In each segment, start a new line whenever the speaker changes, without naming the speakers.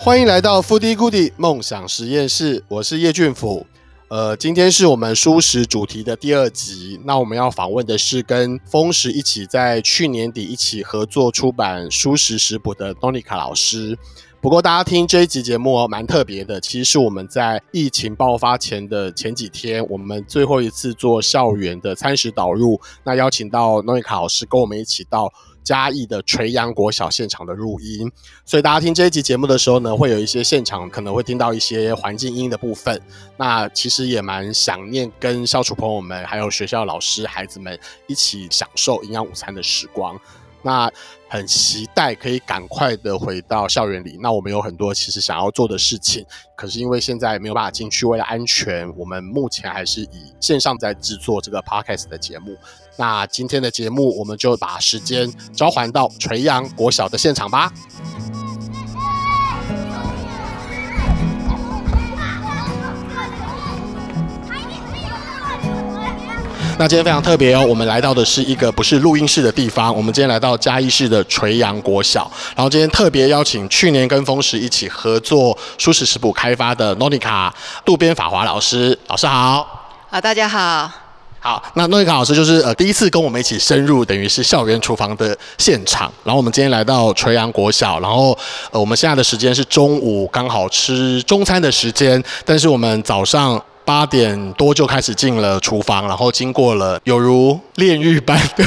歡迎來到 Foodie Goodie 夢想實驗室，我是葉俊甫。呃，今天是我們蔬食主題的第二集，那我們要訪問的是跟灃食一起在去年底一起合作出版蔬食食譜的 Norika 老師。不過大家聽這一集節目蠻特別的，其實是我們在疫情爆發前的前幾天，我們最後一次做校園的餐食導入，那邀請到 Norika 老師跟我們一起到，嘉義的垂楊國小現場的錄音，所以大家聽這一集節目的時候呢，會有一些現場可能會聽到一些環境音，音的部分。那其實也蠻想念跟校廚朋友們、還有學校老師、孩子們一起享受營養午餐的時光。那很期待可以趕快的回到校園裡。那我們有很多其實想要做的事情，可是因為現在沒有辦法進去，為了安全，我們目前還是以線上在制作這個 podcast 的節目。那今天的節目，我們就把時間召喚到垂楊國小的現場吧。那今天非常特別哦，我們來到的是一個不是錄音室的地方。我們今天來到嘉義市的垂楊國小，然後今天特別邀請去年跟灃食一起合作蔬食食譜開發的諾妮卡渡邊法華老師，老師好。
啊，大家好。好，
那 Norika 老師就是呃第一次跟我們一起深入，等於是校園廚房的現場。然後我們今天來到垂楊國小，然後呃我們現在的時間是中午，剛好吃中餐的時間。但是我們早上。八點多就開始進了廚房，然後經過了猶如煉獄般的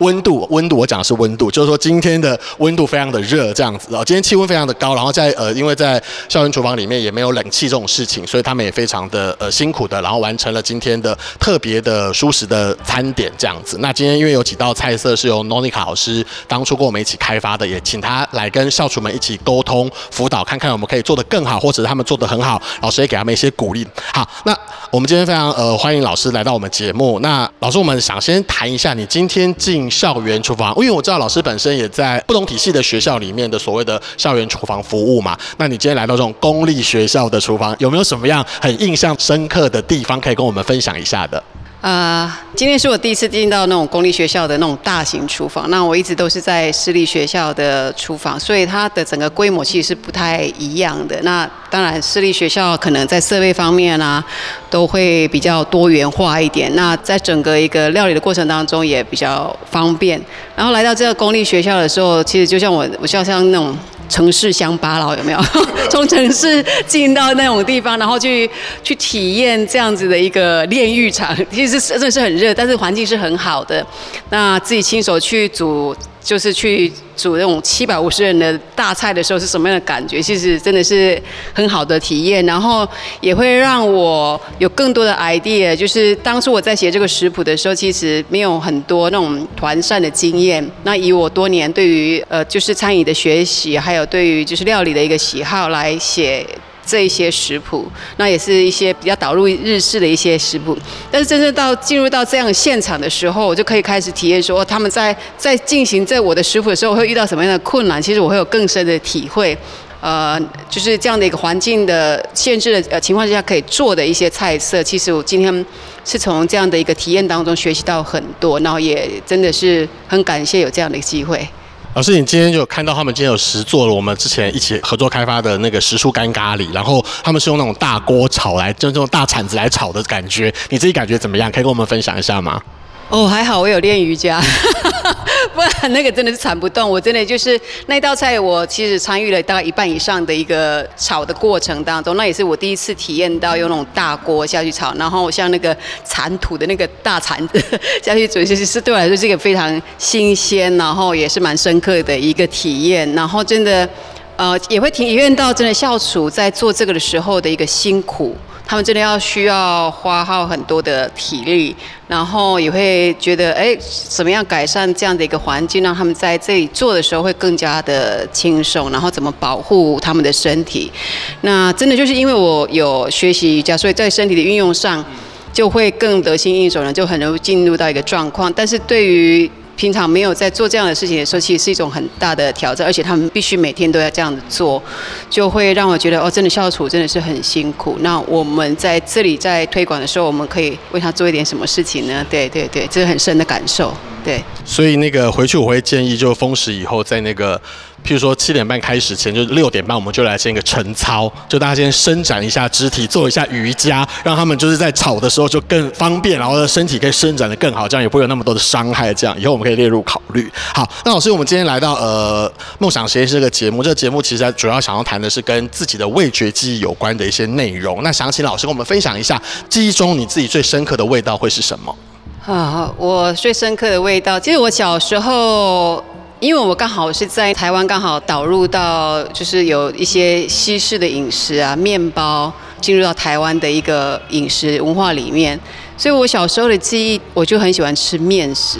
溫度，溫度我講的是溫度，就是說今天的溫度非常的熱，這樣子啊，今天氣溫非常的高，然後在呃，因為在校園廚房裡面也沒有冷氣這種事情，所以他們也非常的呃辛苦的，然後完成了今天的特別的舒適的餐點這樣子。那今天因為有幾道菜色是由 Norika 老師當初跟我們一起開發的，也請他來跟校廚們一起溝通輔導，看看我們可以做得更好，或者他們做得很好，老師也給他們一些鼓勵。好。那我們今天非常呃歡迎老師來到我們節目。那老師，我們想先談一下你今天進校園廚房，因為我知道老師本身也在不同體系的學校裡面的所謂的校園廚房服務嘛。那你今天來到這種公立學校的廚房，有沒有什麼樣很印象深刻的地方可以跟我們分享一下的？
啊，uh, 今天是我第一次進到那種公立學校的那種大型廚房。那我一直都是在私立學校的廚房，所以它的整個規模其實不太一樣的。那當然，私立學校可能在設備方面啊，都會比較多元化一點。那在整個一個料理的過程當中也比較方便。然後來到這個公立學校的時候，其實就像我，我就像，像那種。城市鄉巴佬有沒有？從 城市進到那種地方，然後去去體驗這樣子的一個煉獄場，其實真的是很熱，但是環境是很好的。那自己親手去煮。就是去煮那種七百五十人的大菜的時候是什麼樣的感覺？其實真的是很好的體驗，然後也會讓我有更多的 idea。就是當初我在寫這個食譜的時候，其實沒有很多那種團膳的經驗。那以我多年對於呃，就是餐飲的學習，還有對於就是料理的一個喜好來寫。這一些食譜，那也是一些比較導入日式的一些食譜。但是真正到進入到這樣現場的時候，我就可以開始體驗說，哦，他們在在進行在我的食譜的時候，會遇到什麼樣的困難。其實我會有更深的體會。呃，就是這樣的一個環境的限制的呃情況之下，可以做的一些菜色。其實我今天是從這樣的一個體驗當中學習到很多，然後也真的是很感謝有這樣的機會。
老師，你今天就有看到他們今天有實做了我們之前一起合作開發的那個時蔬乾咖喱，然後他們是用那種大鍋炒來，就那種大鏟子來炒的感覺，你自己感覺怎麼樣？可以跟我們分享一下嗎？
哦，還好，我有練瑜伽。 不，那個真的是鏟不動。我真的就是那道菜，我其實參與了大概一半以上的一個炒的過程當中。那也是我第一次體驗到用那種大鍋下去炒，然後像那個鏟土的那個大鏟子下去煮，其實是對我來說是一個非常新鮮，然後也是蠻深刻的一個體驗。然後真的，呃，也會體驗到真的校廚在做這個的時候的一個辛苦。他們真的要需要花耗很多的體力，然後也會覺得，哎，怎麼樣改善這樣的一個環境，讓他們在這裡做的時候會更加的輕鬆，然後怎麼保護他們的身體？那真的就是因為我有學習瑜伽，所以在身體的運用上就會更得心應手了，就很容易進入到一個狀況。但是對於平常沒有在做這樣的事情的時候，其實是一種很大的挑戰，而且他們必須每天都要這樣子做，就會讓我覺得哦，真的消除真的是很辛苦。那我們在這裡在推廣的時候，我們可以為他做一點什麼事情呢？對對對，這是很深的感受。對，
所以那個回去我會建議，就灃食以後在那個。譬如說，七點半開始前就是六點半我們就來先一個晨操，就大家先伸展一下肢體，做一下瑜伽，讓他們就是在炒的時候就更方便，然後身體可以伸展得更好，這樣也不會有那麼多的傷害。這樣以後我們可以列入考慮。好，那老師，我們今天來到呃夢想實驗室這個節目，這個節目其實主要想要談的是跟自己的味覺記憶有關的一些內容。那想請老師跟我們分享一下記憶中你自己最深刻的味道會是什麼？
啊，我最深刻的味道，其實我小時候。因為我剛好是在台灣，剛好導入到就是有一些西式的飲食啊，麵包進入到台灣的一個飲食文化裡面，所以我小時候的記憶，我就很喜歡吃麵食，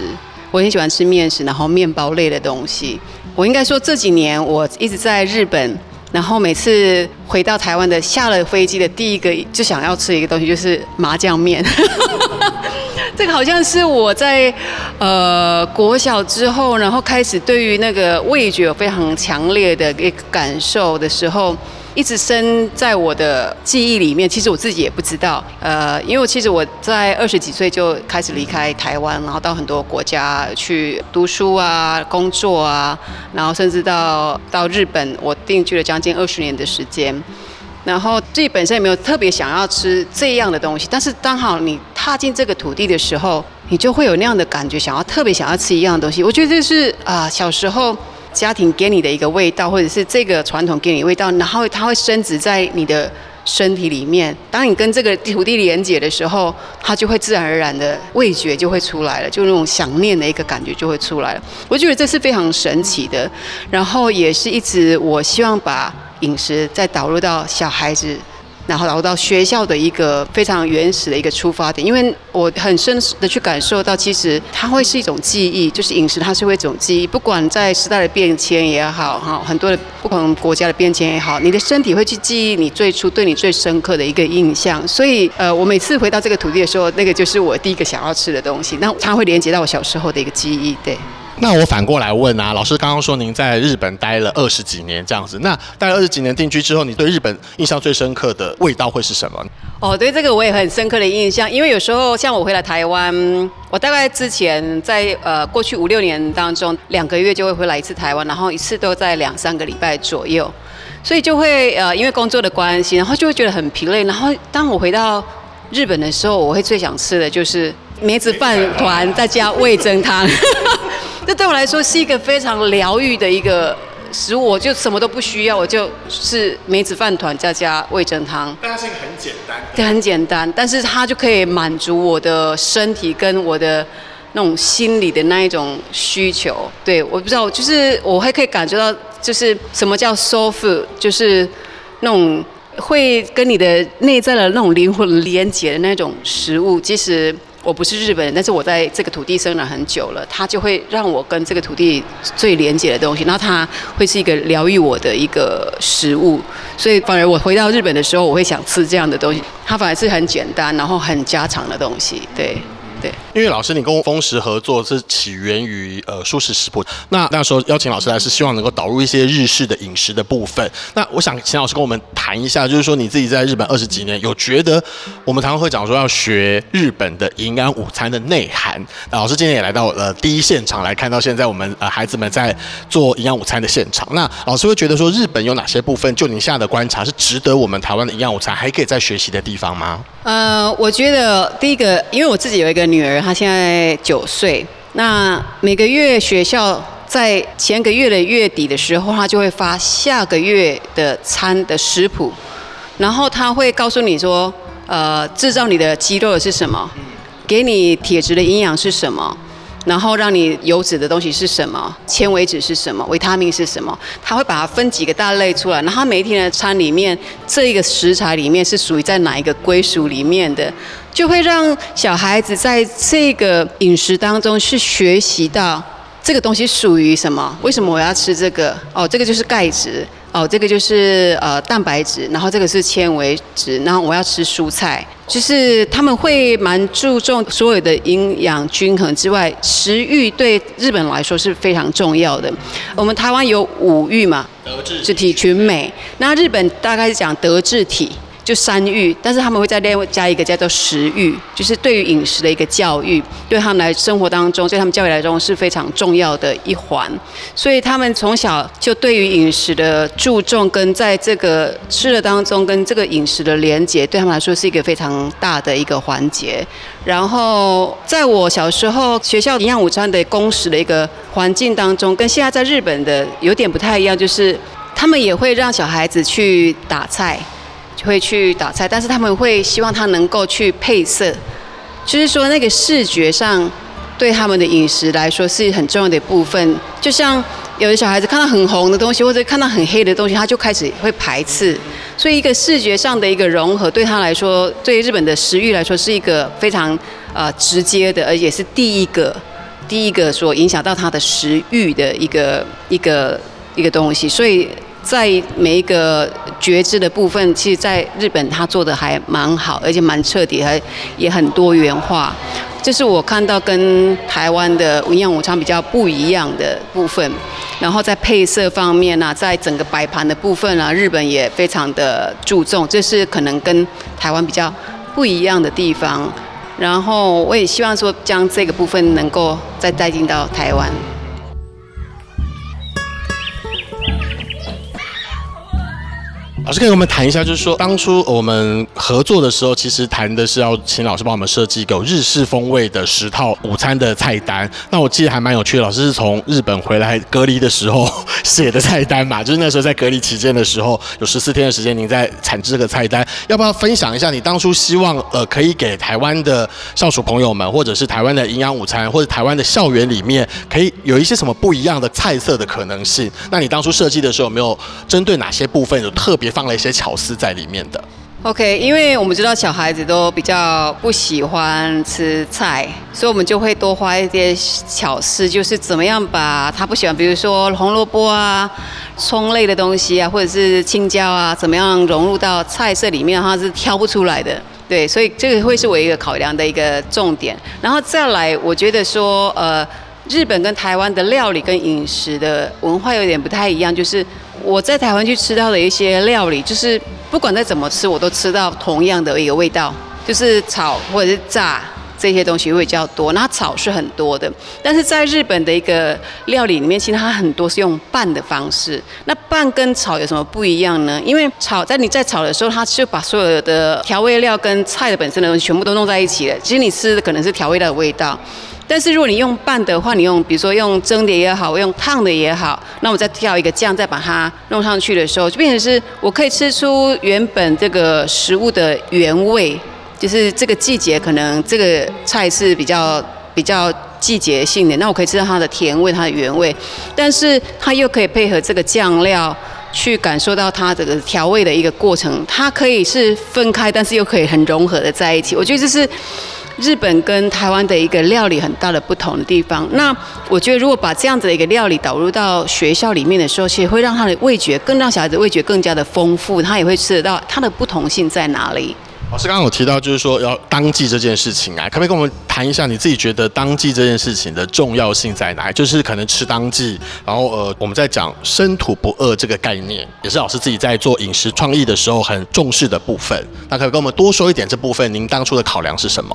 我很喜歡吃麵食，然後麵包類的東西，我應該說這幾年我一直在日本，然後每次回到台灣的下了飛機的第一個就想要吃的一個東西就是麻醬麵。 這個好像是我在呃國小之後，然後開始對於那個味覺有非常強烈的一個感受的時候，一直深在我的記憶裡面。其實我自己也不知道，呃，因為我其實我在二十幾歲就開始離開台灣，然後到很多國家去讀書啊、工作啊，然後甚至到到日本，我定居了將近二十年的時間。然後自己本身也沒有特別想要吃這樣的東西，但是剛好你踏進這個土地的時候，你就會有那樣的感覺，想要特別想要吃一樣的東西。我覺得這是啊，小時候家庭給你的一個味道，或者是這個傳統給你的味道，然後它會深植在你的身體裡面。當你跟這個土地連接的時候，它就會自然而然的味覺就會出來了，就那種想念的一個感覺就會出來了。我覺得這是非常神奇的，然後也是一直我希望把。飲食再導入到小孩子，然後導入到學校的一個非常原始的一個出發點。因為我很深的去感受到，其實它會是一種記憶，就是飲食它是會一種記憶。不管在時代的變遷也好，哈，很多的不同國家的變遷也好，你的身體會去記憶你最初對你最深刻的一個印象。所以，呃，我每次回到這個土地的時候，那個就是我第一個想要吃的東西。那它會連接到我小時候的一個記憶，對。
那我反過來問啊，老師剛剛說您在日本待了二十幾年這樣子，那待了二十幾年定居之後，你對日本印象最深刻的味道會是什麼？
哦，對這個我也很深刻的印象，因為有時候像我回來台灣，我大概之前在呃過去五六年當中，兩個月就會回來一次台灣，然後一次都在兩三個禮拜左右，所以就會呃因為工作的關係，然後就會覺得很疲累，然後當我回到日本的時候，我會最想吃的就是梅子飯糰再加味噌湯。 這對我來說是一個非常療癒的一個食物，我就什麼都不需要，我就是梅子飯糰加加味噌湯。但它是很簡單，對，很簡單，但是它就可以滿足我的身體跟我的那種心理的那一種需求。對，我不知道，就是我還可以感覺到，就是什麼叫 soul food，就是那種會跟你的內在的那種靈魂連接的那種食物，其實。我不是日本人，但是我在這個土地生長很久了，它就會讓我跟這個土地最連接的東西，然後它會是一個療癒我的一個食物，所以反而我回到日本的時候，我會想吃這樣的東西，它反而是很簡單，然後很家常的東西，對。
對，因為老師你跟灃食合作是起源於呃蔬食食譜，那那時候邀請老師來是希望能夠導入一些日式的飲食的部分。那我想請老師跟我們談一下，就是說你自己在日本二十幾年，有覺得我們台灣會講說要學日本的營養午餐的內涵？那老師今天也來到了、呃、第一現場，來看到現在我們呃孩子們在做營養午餐的現場。那老師會覺得說日本有哪些部分，就你現在的觀察是值得我們台灣的營養午餐還可以再學習的地方嗎？
呃，我覺得第一個，因為我自己有一個。女兒她現在九歲，那每個月學校在前個月的月底的時候，她就會發下個月的餐的食譜，然後她會告訴你說，呃，製造你的肌肉是什麼，給你鐵質的營養是什麼，然後讓你油脂的東西是什麼，纖維質是什麼，維他命是什麼，她會把它分幾個大類出來，然後她每一天的餐裡面，這個食材裡面是屬於在哪一個歸屬裡面的。就會讓小孩子在這個飲食當中去學習到這個東西屬於什麼？為什麼我要吃這個？哦，這個就是鈣質，哦，這個就是呃蛋白質，然後這個是纖維質，然後我要吃蔬菜，就是他們會蠻注重所有的營養均衡之外，食育對日本來說是非常重要的。我們台灣有五育嘛，德智體群美，那日本大概是講德智體。就三育，但是他們會再另外加一個叫做食育，就是對於飲食的一個教育，對他們來生活當中，對他們教育來中是非常重要的一環。所以他們從小就對於飲食的注重，跟在這個吃的當中，跟這個飲食的連接，對他們來說是一個非常大的一個環節。然後在我小時候學校營養午餐的供食的一個環境當中，跟現在在日本的有點不太一樣，就是他們也會讓小孩子去打菜。會去打菜，但是他們會希望他能夠去配色，就是說那個視覺上對他們的飲食來說是很重要的一部分。就像有的小孩子看到很紅的東西，或者看到很黑的東西，他就開始會排斥。所以一個視覺上的一個融合，對他來說，對日本的食慾來說，是一個非常啊、呃、直接的，而且是第一個第一個所影響到他的食慾的一個一個一個東西。所以。在每一個覺知的部分，其實，在日本他做得還蠻好，而且蠻徹底，還也很多元化。這，就是我看到跟台灣的營養午餐比較不一樣的部分。然後在配色方面啊，在整個擺盤的部分啊，日本也非常的注重，這，就是可能跟台灣比較不一樣的地方。然後我也希望說，將這個部分能夠再帶進到台灣。
老師可以跟我們談一下，就是說，當初我們合作的時候，其實談的是要請老師幫我們設計一個日式風味的十套午餐的菜單。那我記得還蠻有趣的，老師是從日本回來隔離的時候寫 的菜單嘛，就是那時候在隔離期間的時候，有十四天的時間，您在產制這個菜單，要不要分享一下你當初希望呃可以給台灣的小朋友們，或者是台灣的營養午餐，或者台灣的校園裡面，可以有一些什麼不一樣的菜色的可能性？那你當初設計的時候，有沒有針對哪些部分有特別放了一些巧思在裡面的。
OK，因為我們知道小孩子都比較不喜歡吃菜，所以我們就會多花一些巧思，就是怎麼樣把他不喜歡，比如說紅蘿蔔啊、蔥類的東西啊，或者是青椒啊，怎麼樣融入到菜色裡面，他是挑不出來的。對，所以這個會是我一個考量的一個重點。然後再來，我覺得說，呃，日本跟台灣的料理跟飲食的文化有點不太一樣，就是。我在台灣去吃到的一些料理，就是不管再怎麼吃，我都吃到同樣的一個味道，就是炒或者是炸這些東西會比較多。那它炒是很多的，但是在日本的一個料理裡面，其實它很多是用拌的方式。那拌跟炒有什麼不一樣呢？因為炒在你在炒的時候，它就把所有的調味料跟菜的本身的東西全部都弄在一起了。其實你吃的可能是調味料的味道。但是如果你用拌的話，你用比如說用蒸的也好，用燙的也好，那我再挑一個醬，再把它弄上去的時候，就變成是我可以吃出原本這個食物的原味，就是這個季節可能這個菜是比較比較季節性的，那我可以吃到它的甜味，它的原味，但是它又可以配合這個醬料去感受到它這個調味的一個過程，它可以是分開，但是又可以很融合的在一起，我覺得這是日本跟台灣的一個料理很大的不同的地方，那我覺得如果把這樣子的一個料理導入到學校裡面的時候，其實會讓他的味覺，更讓小孩子味覺更加的豐富，他也會吃得到它的不同性在哪裡。
老師剛剛有提到就是說要當季這件事情啊，可不可以跟我們談一下你自己覺得當季這件事情的重要性在哪裡？就是可能吃當季，然後呃，我們在講身土不二這個概念，也是老師自己在做飲食創意的時候很重視的部分。那可不可以跟我們多說一點這部分，您當初的考量是什麼？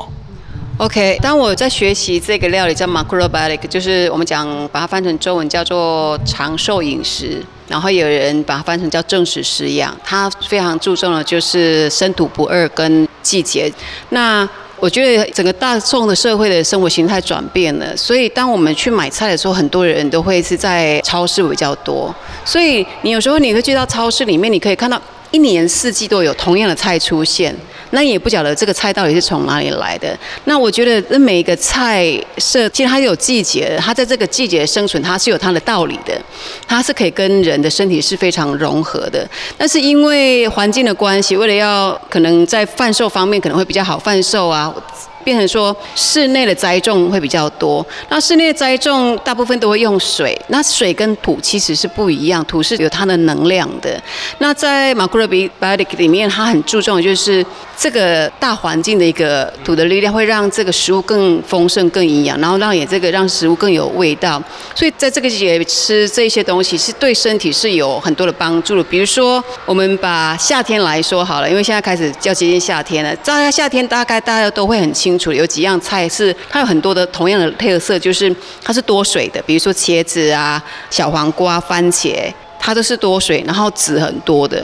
OK，當我在學習這個料理叫 Macrobiotic，就是我們講把它翻成中文叫做長壽飲食，然後有人把它翻成叫正食食養，它非常注重的就是身土不二跟季節。那我覺得整個大眾的社會的生活形態轉變了，所以當我們去買菜的時候，很多人都會是在超市比較多。所以你有時候你會去到超市裡面，你可以看到。一年四季都有同樣的菜出現，那也不曉得這個菜到底是從哪裡來的。那我覺得，這每一個菜設，其實它有季節，它在這個季節生存，它是有它的道理的，它是可以跟人的身體是非常融合的。但是因為環境的關係，為了要可能在販售方面可能會比較好販售啊。變成說，室內的栽種會比較多，那室內的栽種大部分都會用水，那水跟土其實是不一樣，土是有它的能量的。那在 macrobiotic 裡面，它很注重的就是。這個大環境的一個土的力量，會讓這個食物更豐盛、更營養，然後讓也這個讓食物更有味道。所以在這個季節吃這些東西，是對身體是有很多的幫助的。比如說，我們把夏天來說好了，因為現在開始就要接近夏天了。大家夏天，大概大家都會很清楚，有幾樣菜是它有很多的同樣的特色，就是它是多水的，比如說茄子啊、小黃瓜、番茄，它都是多水，然後籽很多的。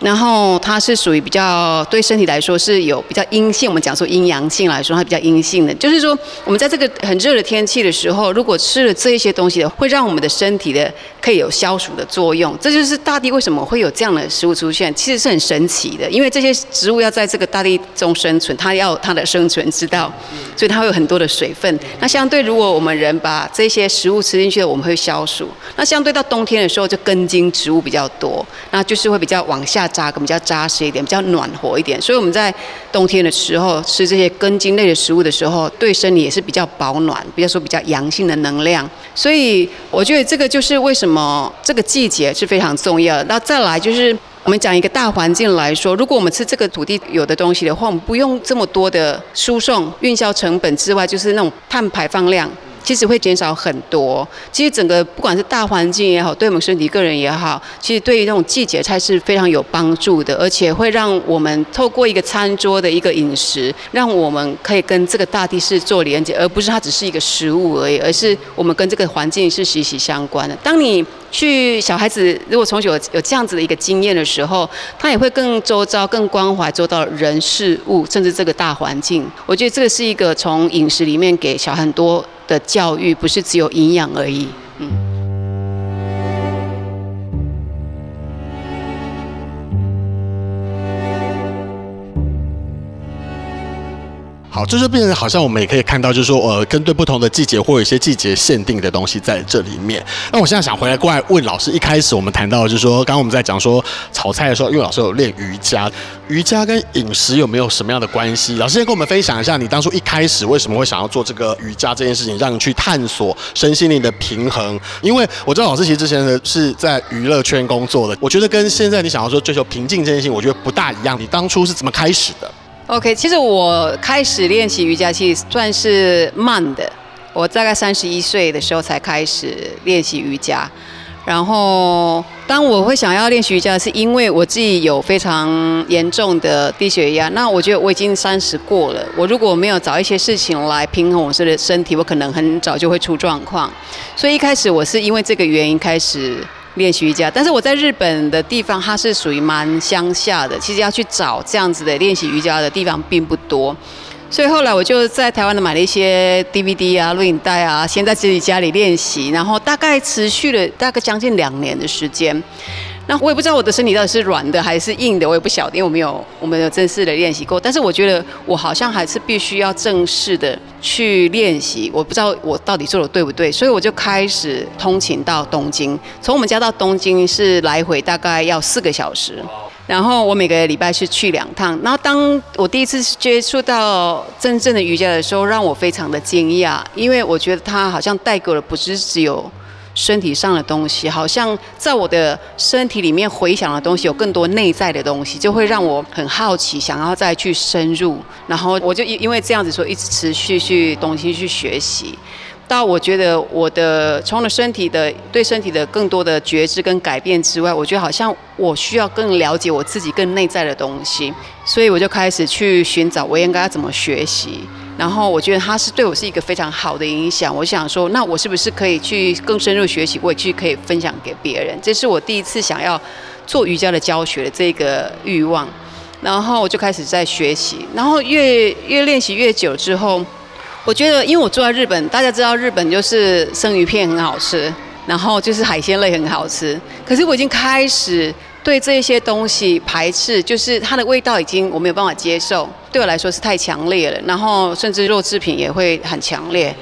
然後它是屬於比較對身體來說是有比較陰性，我們講說陰陽性來說，它比較陰性的，就是說我們在這個很熱的天氣的時候，如果吃了這一些東西的，會讓我們的身體的可以有消暑的作用。這就是大地為什麼會有這樣的食物出現，其實是很神奇的，因為這些植物要在這個大地中生存，它要它的生存之道，所以它會有很多的水分。那相對如果我們人把這些食物吃進去的，我們會消暑。那相對到冬天的時候，就根莖植物比較多，那就是會比較往下。扎根比較扎實一點，比較暖和一點，所以我們在冬天的時候吃這些根莖類的食物的時候，對身體也是比較保暖，比較說比較陽性的能量。所以我覺得這個就是為什麼這個季節是非常重要。那再來就是我們講一個大環境來說，如果我們吃這個土地有的東西的話，我們不用這麼多的輸送、運銷成本之外，就是那種碳排放量。其實會減少很多。其實整個不管是大環境也好，對我們身體、個人也好，其實對於那種季節菜是非常有幫助的，而且會讓我們透過一個餐桌的一個飲食，讓我們可以跟這個大地是做連接，而不是它只是一個食物而已，而是我們跟這個環境是息息相關的。當你去小孩子，如果從小有，有這樣子的一個經驗的時候，他也會更周遭、更關懷周到人事物，甚至這個大環境。我覺得這個是一個從飲食裡面給小孩很多的教育，不是只有營養而已。
好，就，就變成好像我們也可以看到，就是說，呃，針對不同的季節，或有一些季節限定的東西在這裡面。那我現在想回來過來問老師，一開始我們談到的就是說，剛剛我們在講說炒菜的時候，因為老師有練瑜伽，瑜伽跟飲食有沒有什麼樣的關係？老師先跟我們分享一下，你當初一開始為什麼會想要做這個瑜伽這件事情，讓你去探索身心靈的平衡？因為我知道老師其實之前呢是在娛樂圈工作的，我覺得跟現在你想要說追求平靜這件事情，我覺得不大一樣。你當初是怎麼開始的？
OK，其實我開始練習瑜伽其實算是慢的，我大概三十一歲的時候才開始練習瑜伽。然後當我會想要練習瑜伽，是因為我自己有非常嚴重的低血壓。那我覺得我已經三十過了，我如果沒有找一些事情來平衡我的身體，我可能很早就會出狀況。所以一開始我是因為這個原因開始。練習瑜伽，但是我在日本的地方，它是屬於蠻鄉下的。其實要去找這樣子的練習瑜伽的地方並不多，所以後來我就在台灣的買了一些 DVD 啊、錄影帶啊，先在自己家裡練習，然後大概持續了大概將近兩年的時間。那我也不知道我的身體到底是軟的還是硬的，我也不曉得，因為我沒有我沒有正式的練習過，但是我覺得我好像還是必須要正式的去練習，我不知道我到底做的對不對，所以我就開始通勤到東京，從我們家到東京是來回大概要四個小時，然後我每個禮拜是去兩趟，然後當我第一次接觸到真正的瑜伽的時候，讓我非常的驚訝，因為我覺得它好像帶給了不是只有。身體上的東西，好像在我的身體裡面回想的東西，有更多內在的東西，就會讓我很好奇，想要再去深入。然後我就因因為這樣子，說，一直持續去東西去學習。到我覺得我的，除了身體的對身體的更多的覺知跟改變之外，我覺得好像我需要更了解我自己更內在的東西，所以我就開始去尋找我應該要怎麼學習。然後我覺得他是對我是一個非常好的影響。我想說，那我是不是可以去更深入學習，我也去可以分享給別人？這是我第一次想要做瑜伽的教學的這個慾望。然後我就開始在學習，然後越越練習越久之後，我覺得因為我住在日本，大家知道日本就是生魚片很好吃，然後就是海鮮類很好吃。可是我已經開始。對這些東西排斥，就是它的味道已經我沒有辦法接受，對我來說是太強烈了。然後甚至肉製品也會很強烈。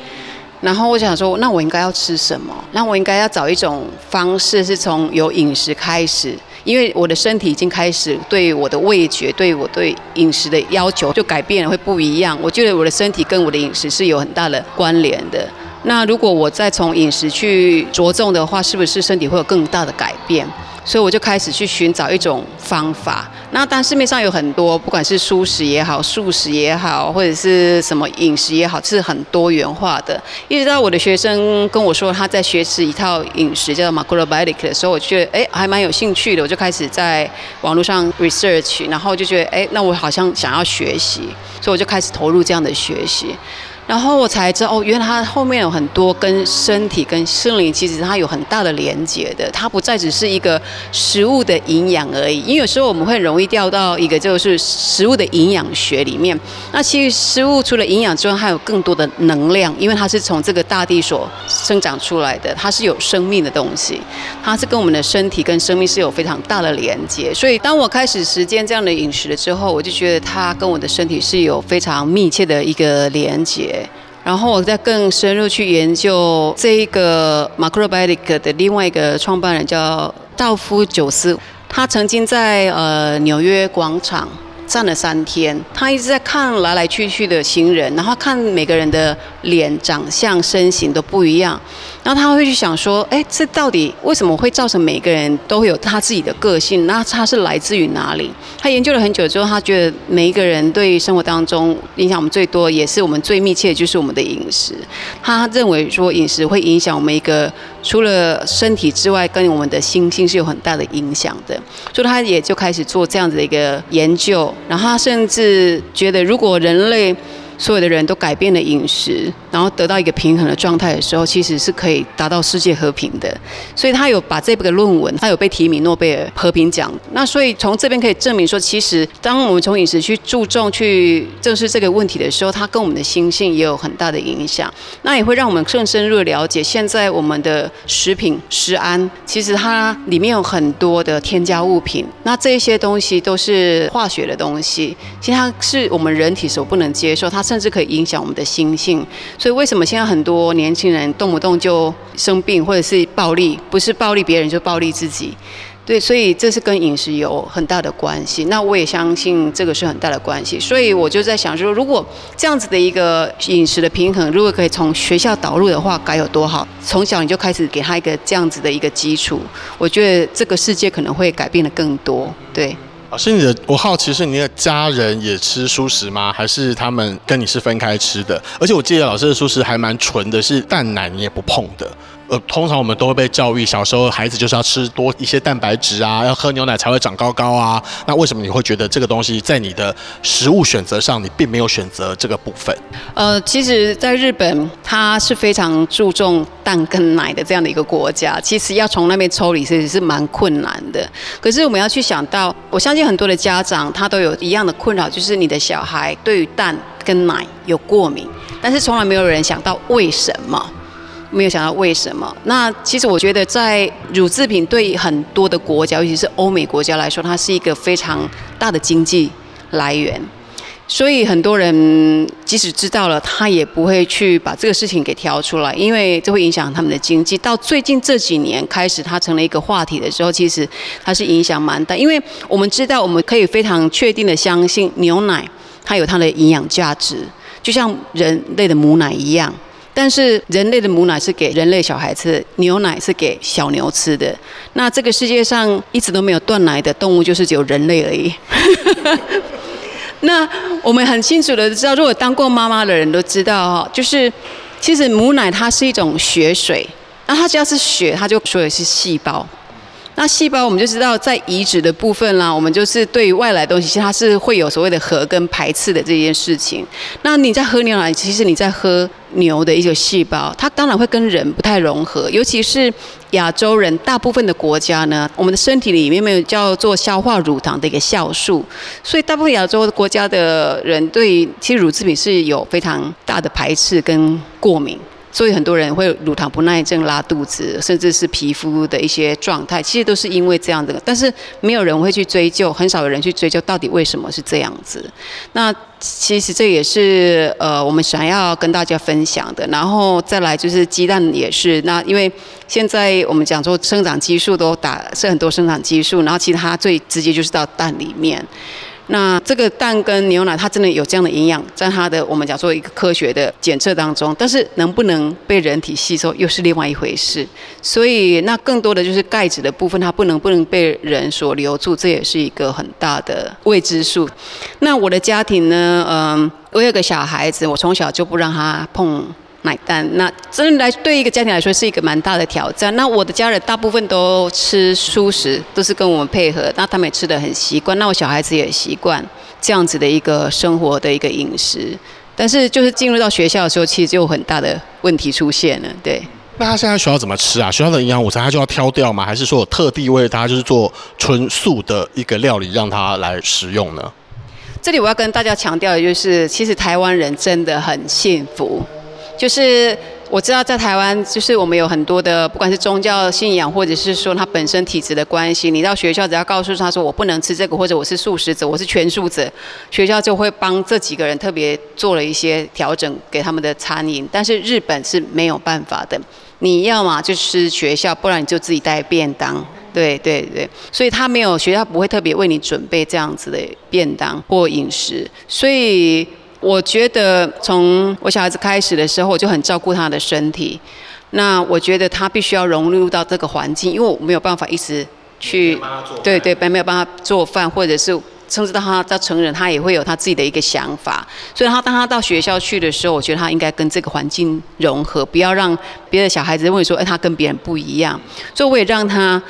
然後我想說，那我應該要吃什麼？那我應該要找一種方式，是從有飲食開始，因為我的身體已經開始對我的味覺、對我對飲食的要求就改變了，會不一樣。我覺得我的身體跟我的飲食是有很大的關聯的。那如果我再從飲食去着重的話，是不是身體會有更大的改變？所以我就開始去尋找一種方法。那當市面上有很多，不管是蔬食也好、素食也好，或者是什麼飲食也好，是很多元化的。一直到我的學生跟我說，他在學習一套飲食，叫做 macrobiotic 的時候，我覺得哎還蠻有興趣的，我就開始在網絡上 research，然後就覺得哎那我好像想要學習，所以我就開始投入這樣的學習。然後我才知道哦，原來它後面有很多跟身體、跟森林其實它有很大的連接的。它不再只是一個食物的營養而已，因為有時候我們會很容易掉到一個就是食物的營養學裡面。那其實食物除了營養之外，還有更多的能量，因為它是從這個大地所生長出來的，它是有生命的東西，它是跟我們的身體跟生命是有非常大的連接。所以當我開始實踐這樣的飲食了之後，我就覺得它跟我的身體是有非常密切的一個連接。然後我再更深入去研究這一個 Macrobiotic 的另外一個創辦人叫道夫·久斯，他曾經在呃紐約廣場站了三天，他一直在看來來去去的行人，然後看每個人的臉、長相、身形都不一樣。然後他會去想說，哎，這到底為什麼會造成每個人都會有他自己的個性？那他是來自於哪裡？他研究了很久之後，他覺得每一個人對於生活當中影響我們最多，也是我們最密切的就是我們的飲食。他認為說飲食會影響我們一個除了身體之外，跟我們的心性是有很大的影響的。所以，他也就開始做這樣子的一個研究。然後，他甚至覺得，如果人類所有的人都改變了飲食，然後得到一個平衡的狀態的時候，其實是可以達到世界和平的。所以他有把這個論文，他有被提名諾貝爾和平獎。那所以從這邊可以證明說，其實當我們從飲食去注重去正視這個問題的時候，它跟我們的心性也有很大的影響。那也會讓我們更深入了解現在我們的食品食安，其實它裡面有很多的添加物品。那這些東西都是化學的東西，其實它是我們人體所不能接受。它甚至可以影響我們的心性，所以為什麼現在很多年輕人動不動就生病，或者是暴力，不是暴力別人就暴力自己，對，所以這是跟飲食有很大的關係。那我也相信這個是很大的關係，所以我就在想說，如果這樣子的一個飲食的平衡，如果可以從學校導入的話，該有多好！從小你就開始給他一個這樣子的一個基礎，我覺得這個世界可能會改變的更多，對。
是你的，我好奇是你的家人也吃蔬食嗎？還是他們跟你是分開吃的？而且我記得老師的蔬食還蠻純的，是蛋奶你也不碰的。呃，通常我們都會被教育，小時候孩子就是要吃多一些蛋白質啊，要喝牛奶才會長高高啊。那為什麼你會覺得這個東西在你的食物選擇上，你並沒有選擇這個部分？
呃，其實，在日本，它是非常注重蛋跟奶的這樣的一個國家。其實要從那邊抽離，其實是蠻困難的。可是我們要去想到，我相信很多的家長，他都有一樣的困擾，就是你的小孩對於蛋跟奶有過敏，但是從來沒有人想到為什麼。沒有想到為什麼？那其實我覺得，在乳製品對很多的國家，尤其是歐美國家來說，它是一個非常大的經濟來源。所以很多人即使知道了，他也不會去把這個事情給挑出來，因為這會影響他們的經濟。到最近這幾年開始，它成了一個話題的時候，其實它是影響蠻大。因為我們知道，我們可以非常確定地相信牛奶它有它的營養價值，就像人類的母奶一樣。但是人類的母奶是給人類小孩吃，牛奶是給小牛吃的。那這個世界上一直都沒有斷奶的動物，就是只有人類而已。 那我們很清楚的知道，如果當過媽媽的人都知道哈，就是其實母奶它是一種血水，那它只要是血，它就所有是細胞。那細胞我們就知道，在移植的部分啦、啊，我們就是對於外來的東西，它是會有所謂的核跟排斥的這件事情。那你在喝牛奶，其實你在喝牛的一個細胞，它當然會跟人不太融合，尤其是亞洲人，大部分的國家呢，我們的身體裡面沒有叫做消化乳糖的一個酵素，所以大部分亞洲國家的人對其實乳製品是有非常大的排斥跟過敏。所以很多人會乳糖不耐症、拉肚子，甚至是皮膚的一些狀態，其實都是因為這樣的。但是沒有人會去追究，很少有人去追究到底為什麼是這樣子。那其實這也是呃我們想要跟大家分享的。然後再來就是雞蛋也是，那因為現在我們講說生長激素都打是很多生長激素，然後其實它最直接就是到蛋裡面。那這個蛋跟牛奶，它真的有這樣的營養，在它的我們講做一個科學的檢測當中，但是能不能被人體吸收又是另外一回事。所以，那更多的就是鈣質的部分，它不能不能被人所留住，這也是一個很大的未知數。那我的家庭呢？嗯，我有個小孩子，我從小就不讓他碰。買單，那真的來對一個家庭來說是一個蠻大的挑戰。那我的家人大部分都吃素食，都是跟我們配合，那他們也吃得很習慣。那我小孩子也習慣這樣子的一個生活的一個飲食。但是就是進入到學校的時候，其實就有很大的問題出現了。對，
那他現在學校怎麼吃啊？學校的營養午餐他就要挑掉嗎？還是說我特地為他就是做純素的一個料理讓他來食用呢？
這裡我要跟大家強調的就是，其實台灣人真的很幸福。就是我知道在台灣，就是我們有很多的，不管是宗教信仰，或者是說他本身體質的關係，你到學校只要告訴他說我不能吃這個，或者我是素食者，我是全素者，學校就會幫這幾個人特別做了一些調整給他們的餐飲。但是日本是沒有辦法的，你要嘛就吃學校，不然你就自己帶便當。對對對，所以他沒有學校不會特別為你準備這樣子的便當或飲食，所以。我覺得從我小孩子開始的時候，我就很照顧他的身體。那我覺得他必須要融入到這個環境，因為我沒有辦法一直去對對，沒有辦法做飯，或者是甚至到他到成人，他也會有他自己的一個想法。所以他，他當他到學校去的時候，我覺得他應該跟這個環境融合，不要讓別的小孩子認為說，哎，他跟別人不一樣。所以，我也讓他。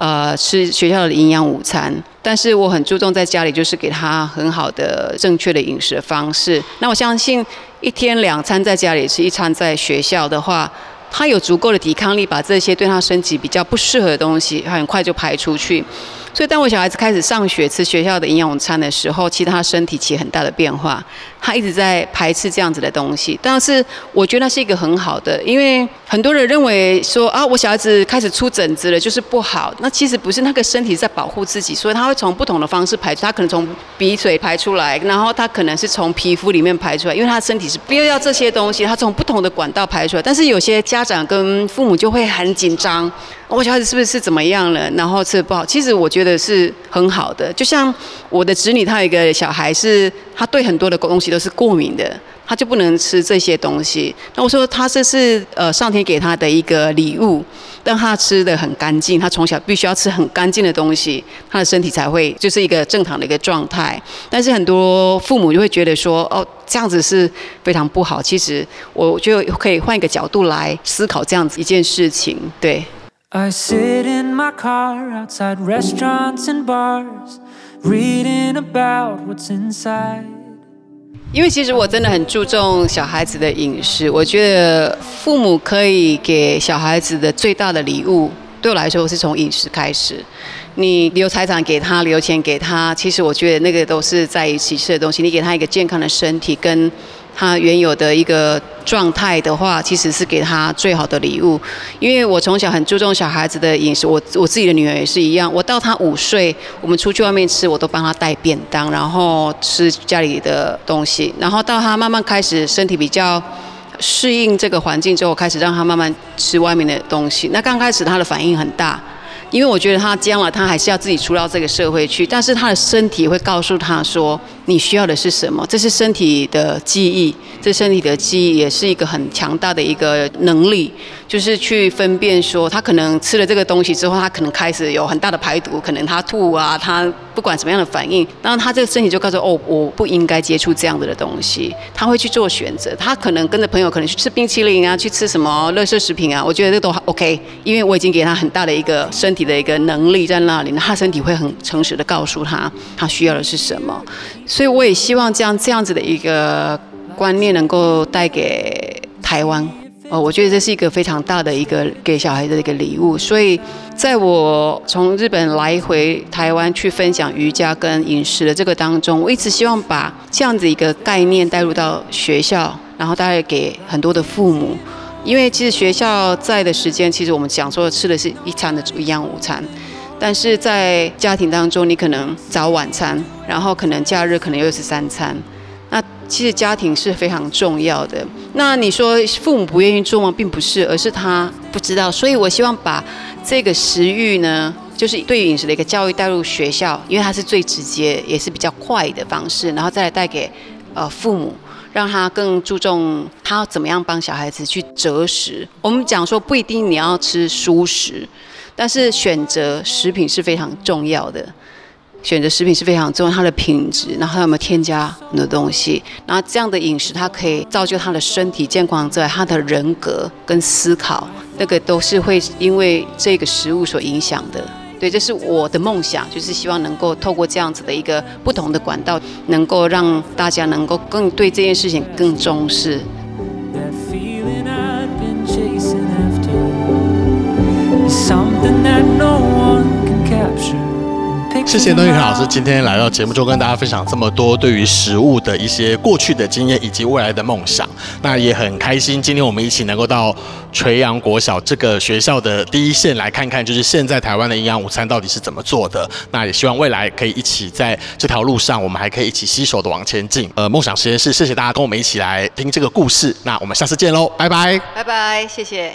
呃，吃學校的營養午餐，但是我很注重在家裡，就是給他很好的、正確的飲食方式。那我相信，一天兩餐，在家裡吃，一餐在學校的話，他有足夠的抵抗力，把這些對他身體比較不適合的東西，很快就排出去。所以，當我小孩子開始上學吃學校的營養午餐的時候，其實他身體起很大的變化。他一直在排斥這樣子的東西，但是我覺得那是一個很好的，因為。很多人認為說啊，我小孩子開始出疹子了，就是不好。那其實不是，那個身體在保護自己，所以他會從不同的方式排出，他可能從鼻水排出來，然後他可能是從皮膚裡面排出來，因為他身體是不要這些東西，他從不同的管道排出來。但是有些家長跟父母就會很緊張，哦，我小孩子是不是是怎麼樣了？然後吃的不好，其實我覺得是很好的。就像我的侄女，她有一個小孩是，他對很多的東西都是過敏的。他就不能吃這些東西。那我說，他這是呃上天給他的一個禮物，但他吃得很乾淨。他從小必須要吃很乾淨的東西，他的身體才會就是一個正常的一個狀態。但是很多父母就會覺得說，哦，這樣子是非常不好。其實，我就可以換一個角度來思考這樣子一件事情。對。因為其實我真的很注重小孩子的飲食，我覺得父母可以給小孩子的最大的禮物，對我來說，我是從飲食開始。你留財產給他，留錢給他，其實我覺得那個都是在於吃的東西。你給他一個健康的身體跟。他原有的一個狀態的話，其實是給他最好的禮物。因為我從小很注重小孩子的飲食，我我自己的女兒也是一樣。我到她五歲，我們出去外面吃，我都幫她帶便當，然後吃家裡的東西。然後到她慢慢開始身體比較適應這個環境之後，我開始讓她慢慢吃外面的東西。那剛開始她的反應很大，因為我覺得她將來她還是要自己出到這個社會去，但是她的身體會告訴她說，你需要的是什麼？這是身體的記憶，這身體的記憶也是一個很強大的一個能力，就是去分辨說他可能吃了這個東西之後，他可能開始有很大的排毒，可能他吐啊，他不管什麼樣的反應，那他這個身體就告訴哦，我不應該接觸這樣子的東西，他會去做選擇。他可能跟着朋友可能去吃冰淇淋啊，去吃什麼垃圾食品啊，我覺得這都 OK，因為我已經給他很大的一個身體的一個能力在那裡，他身體會很誠實的告訴他，他需要的是什麼。所以我也希望這樣這樣子的一個觀念能夠帶給台灣，呃，我覺得這是一個非常大的一個給小孩的一個禮物。所以在我從日本來回台灣去分享瑜伽跟飲食的這個當中，我一直希望把這樣子一個概念帶入到學校，然後帶給很多的父母，因為其實學校在的時間，其實我們講說吃的是一餐的營養午餐。但是在家庭當中，你可能早晚餐，然後可能假日可能又是三餐。那其實家庭是非常重要的。那你說父母不願意做嗎？並不是，而是他不知道。所以我希望把這個食育呢，就是對飲食的一個教育帶入學校，因為它是最直接也是比較快的方式，然後再來帶給呃父母，讓他更注重他要怎麼樣幫小孩子去擇食。我們講說，不一定你要吃蔬食。但是選擇食品是非常重要的，選擇食品是非常重要，它的品質，然後有沒有添加很多東西，然後這樣的飲食，它可以造就他的身體健康之外，他的人格跟思考，那個都是會因為這個食物所影響的。對，這是我的夢想，就是希望能夠透過這樣子的一個不同的管道，能夠讓大家能夠更對這件事情更重視。
No、one can 謝謝 Norika 老師今天來到節目中跟大家分享這麼多對於食物的一些過去的經驗以及未來的夢想。那也很開心今天我們一起能夠到垂楊國小這個學校的第一線來看看，就是現在台灣的營養午餐到底是怎麼做的。那也希望未來可以一起在這條路上，我們還可以一起攜手的往前進。呃，夢想實驗室，謝謝大家跟我們一起來聽這個故事。那我們下次見嘍，拜拜，
拜拜，謝謝。